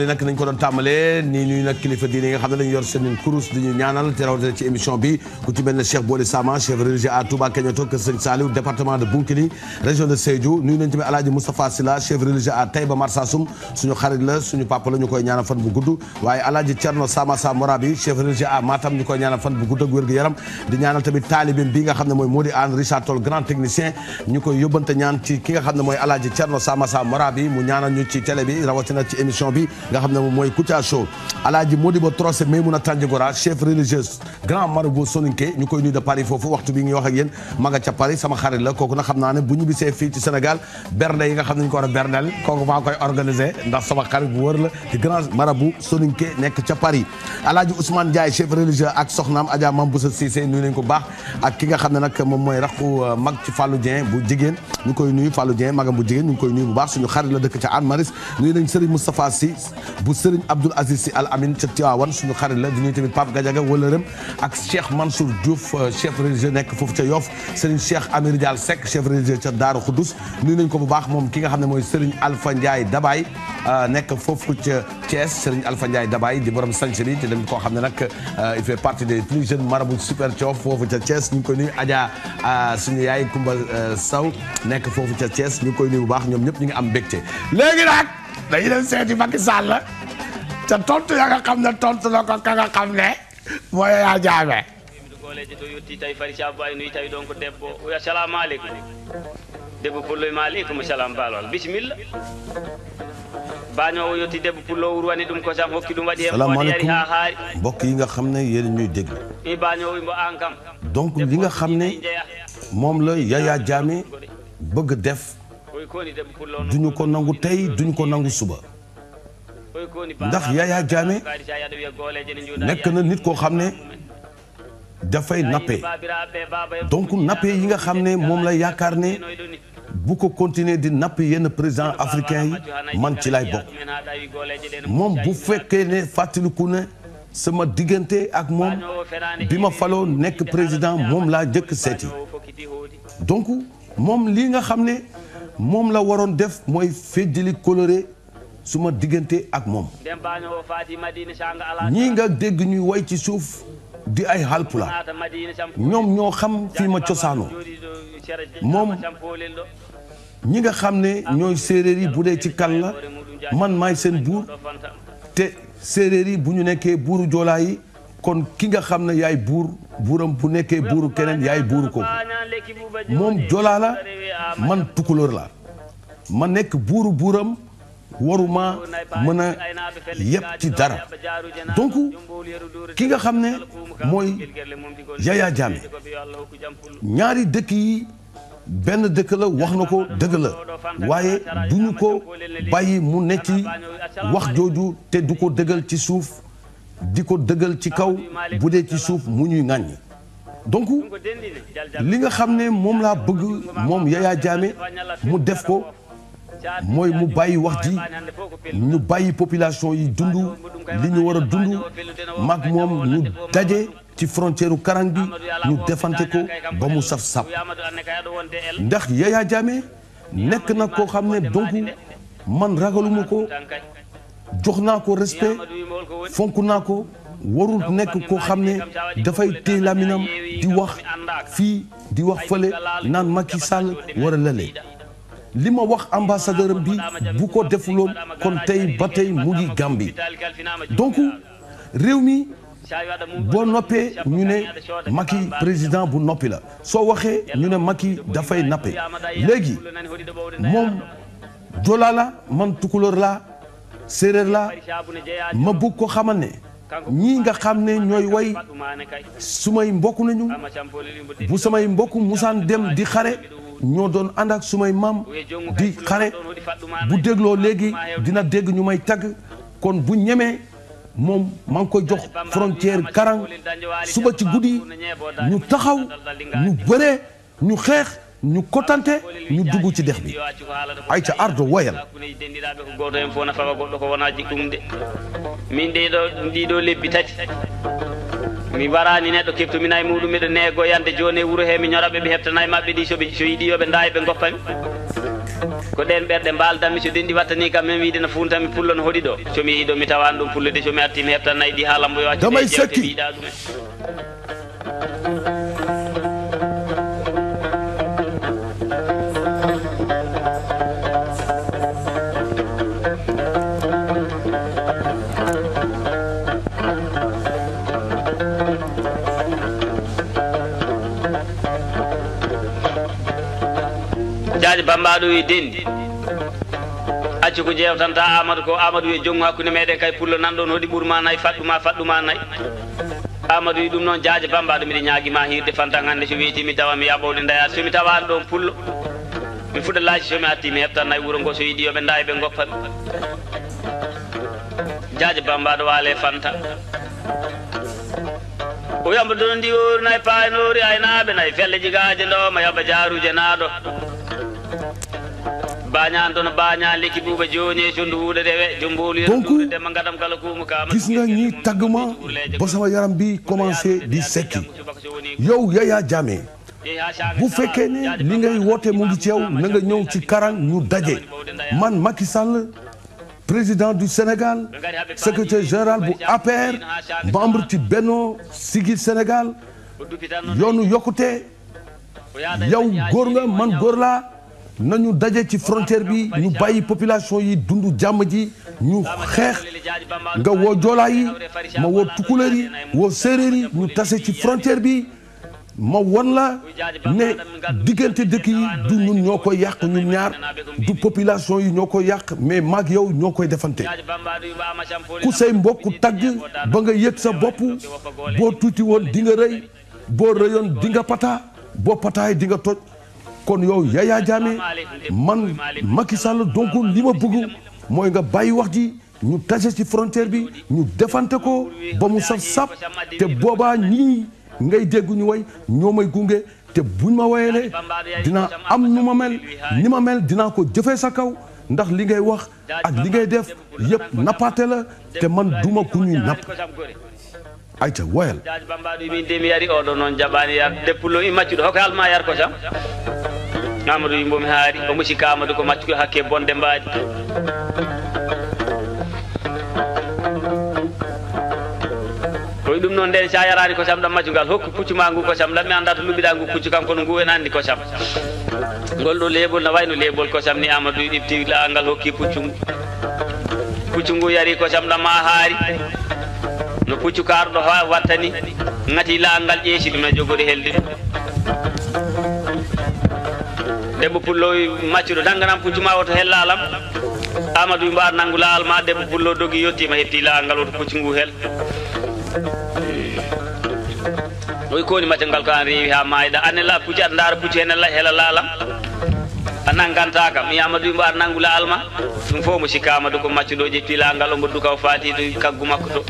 li nag nañ ko doon tàmbalee nii nuy nag kilifa diine yi nga xam ne dañu yor seen kurus di ñu ñaanal te rawatina ci émission bi ku ci mel ne Cheikh Boli Sama chef religieux à Touba Keñoto Kër Sëñ Saliou département de Bounkiling région de Sédhiou nuyu nañ tamit Alaaji Moustapha Silla chef religieux à Taïba Marsassoum suñu xarit la suñu papa la ñu koy ñaanal fan bu gudd waaye Alaaji Cerno Sama Sa Morabi chef religieux à Matam ñu koy ñaanal fan bu gudd ak wér gu yaram di ñaanal tamit taalibim bi nga xam ne mooy Mody Anne Richard Toll grand technicien ñu koy yóbbante ñaan ci ki nga xam ne mooy Alaaji Cerno Sama Sa Morabi mu ñaanal ñu ci télé bi rawatina ci émission bi nga xam ne moom mooy Kouthia Show alaaji Modibo Trocé Maymouna Tandigora chef religieuse grand marabout soninké ñu koy nuyu de Paris foofu waxtu bi ñuy wax ak yéen ma nga ca Paris sama xarit la kooku nag xam naa ne bu ñu bisee fii ci Sénégal bernde yi nga xam ne ñu ko war a berndeel kooku maa koy organisé ndax sama xarit bu wër la di grand marabout soninké nekk ca Paris alaaji Ousmane Ndiaye chef religieux ak soxnaam Adja Mamboussa Cissé nuyu nañ ko baax ak ki nga xam ne nag moom mooy raxu euh, mag ci Fallou Dieng bu jigéen ñu koy nuyu Fallou Dieng magam bu jigéen ñu ngi koy nuyu bu baax suñu xarit la dëkk ca Anne Maris nuyu nañ Serigne Moustapha Sy bu sëriñ Abdoul Aziz Sy Al Amin ca Tiwaawan suñu xarit la di nuyu tamit Pape Gadiaga wëlëram ak Cheikh Mansour Diouf euh, chef religieux nekk foofu ca Yoff sëriñ Cheikh Amir Dial Seck chef religieux ca Daaru nañ ko bu baax moom ki nga xam ne mooy sëriñ Alpha Ndiaye Dabaye euh, nekk foofu ca Thiès sëriñ Alpha Ndiaye Dabaye di borom sanc bi te dem koo xam ne nag euh, il fait partie des plus jeunes marabouts super Thiof foofu ca Thiès ñu ngi koy nuyu Adja suñu yaay Kumba saw nekk foofu ca Thiès ñu ko koy bu baax ñoom ñëpp ñu ngi am mbégte dañu dem seeti Macky Sall la tontu ya nga xam ne tontu na ko ka nga xam ne mooy yaa jaame. asalaamaaleykum debbo pulloye ma aleykum salam mbalol bisimilla bañowo mbokk yi nga xam ne yéen ñuy déglu mi xam ne moom la def duñu ko nangu tey duñu ko nangu suba ndax Yaya Jammeh nekk na nit koo xam ne dafay nappe donc nappe yi nga xam ne moom la yaakaar ne bu ko continuer di napp yenn président africain yi man ci lay bokk moom bu fekkee ne fàttaliku ne sama diggante ak moom bi ma faloo nekk président moom laa jëkk seeti donc moom lii nga xam ne moom la waroon def mooy feddali coloré suma diggante ak moom ñii nga dégg ñuy way ci suuf di ay halpulaar ñoom ñoo xam fi ma cosaanoo moom ñi nga xam ne ñooy séeréer yi bu dee ci kal la man may seen buur te séeréer yi bu ñu nekkee buuru joolaa yi kon ki nga xam ne yaay buur buuram bu nekkee buuru keneen yaay buuru ko moom jolaa man tukulóor la ma nekk buuru buuram waruma mën a yëpp ci dara donc ki nga xam ne mooy Yaya Jammeh ñaari dëkk yi benn dëkk la wax na ko dëgg la waaye du ñu ko bàyyi mu ne ci wax jooju te du ko dëggal ci suuf di ko dëggal ci kaw bu dee ci suuf mu ñuy ŋàññi donc li nga xam ne moom laa bëgg moom Yaya Jammeh mu def ko mooy mu bàyyi wax ji ñu bàyyi population yi dund li ñu war a dund mag moom ñu daje ci frontière Karang bi ñu defante ko ba mu saf saf ndax Yaya nekk na koo xam ne donc man ragaluma ko jox naa ko respect fonk naa ko warul nekk koo xam ne dafay téye laminam di wax fii di wax fële naan Macky Sall war a lale li ma wax ambassadeur bi bu ko defuloon kon tey ba tey mu ngi Gambie donc réew mi boo noppee ñu ne Macky président bu noppi la soo waxee ñu ne mag Macky dafay nappe léegi moom jola man tukulóor la séeréer la ma bëgg ko xamal ne ñii nga xam ne ñooy way su may mbokk nañu bu samay mbokk musaan dem di xare ñoo doon ànd ak su may maam di xare bu dégloo léegi dina dégg ñu may tagg kon bu ñemee moom maa ngi koy jox frontière karang suba ci guddi ñu taxaw ñu bëree ñu xeex ñu kotante ñu dugg ci ayca ardo wayal denndiraɓe ko goto de min ɗeɗo ɗiɗo lebbi tati mi warani neɗɗo keftomina e muɗum miɗo negoyande joni e wuuro he mi ñoraɓe ɓe heftana e mabɓe ɗi soɓe so yiiɗi yoɓe dawa ɓe goppami ko ɗen ɓerɗe mbaldanmi so ɗenɗi wattani kam min wiide no funtami pullo no hoɗi ɗo somi yeehi ɗo mi tawani ɗum pullude somi artimi heftannayi ɗi haalamboyo accudamay sakki ɗiɗa ɗumen kadi bambaɗo wi denndi acci ko jewtanta amadou ko amadou wi jommu hakkude meɗen kay pullo nanɗon hoɗi ɓuurma nayyi faɗɗuma faɗɗuma nayyi amadou wi ɗum noon jaaje bambaɗo miɗe ñaaguima hirde fantan hannde so weeti mi tawa mi yaɓowde dayat somi tawani ɗon pullo mi fuɗa laaji somi atti mi heɓtan nayyi wuuro ngo so yiiɗi yoɓe dawi ɓe jaaje bambaɗo waale fanta o wiyamba donondi orinayi paynori aynaɓe nayi felle jigaje ndoma yaɓa jaruje donc gis nga ñi tagg ma ba sama yaram bi commencé di sekki yow Yaya Jammeh bu fekkee ne li ngay woote mu ngi ci yow na nga ñëw ci karang ñu daje man Macky Sall président du Sénégal secrétaire général bu APR membre ci Benno Siggil Sénégal yoonu yokkute yow góor nga man góor nañu daje ci frontière bi ñu bàyyi population yi dund jàmm ji ñu xeex nga woo joolaa yi ma woo tukuleer yi woo séeréer yi ñu tase ci frontière bi ma won la ne diggante dëkk yi du ñun ñoo koy yàq ñun ñaar du population yi ñoo koy yàq mais mag yow ñoo koy defante ku say mbokk tagg ba nga yëg sa bopp boo tuuti woon di nga rëy boo rëyoon di nga pata boo pataay di nga toj kon yow Yaya Jammeh man Macky sàll donc li ma bëgg mooy nga bàyyi wax ji ñu tase ci frontière bi ñu defante ko ba mu saf sap te boobaa ñii ngay dégg ñu way ñoo may gunge te buñ ma wayeele dina am nu ma mel ni ma mel dinaa ko jëfee sa kaw ndax li ngay wax ak li ngay def yëpp nappaate la te man duma ku ñuy napp ayca woyal daj bambaɗo min ndemi yari oɗo ko amadou yimbomi haari o musidka amadou ko maccuɗo hakke bonde mbaadi koye ɗum noon nden sa yarani kosam ɗam majjugal hokku puccu ma ngu kosam ɗam mi anda to lumbiɗa ngu puccu kam kono ngu en andi kosam ngol ɗo leebol no wayno leebol kosam ni amadou ɗifti laal ngal hokki puccu ngu puccu ngu yari kosam ɗam ma haari no puccu karɗo ha watta ni gati laal ngal ƴeesi ɗum e jogori helde ɗum debbo pulloy maccuɗo danganam puccuma woto hel laalam amadou mba nanggu laal ma debbo pullo dogi yettima hetti laal woto pucci ngu hel oy koni maccal ngal ko an reewi ha mayɗa anne la pucci aɗa daara pucci hen laalam a nangganta kam mi amadou mba aɗa nanggu laal ma fof mo sikka amadou ko maccuɗo ƴetti laal omo duka o faati kaggu makko to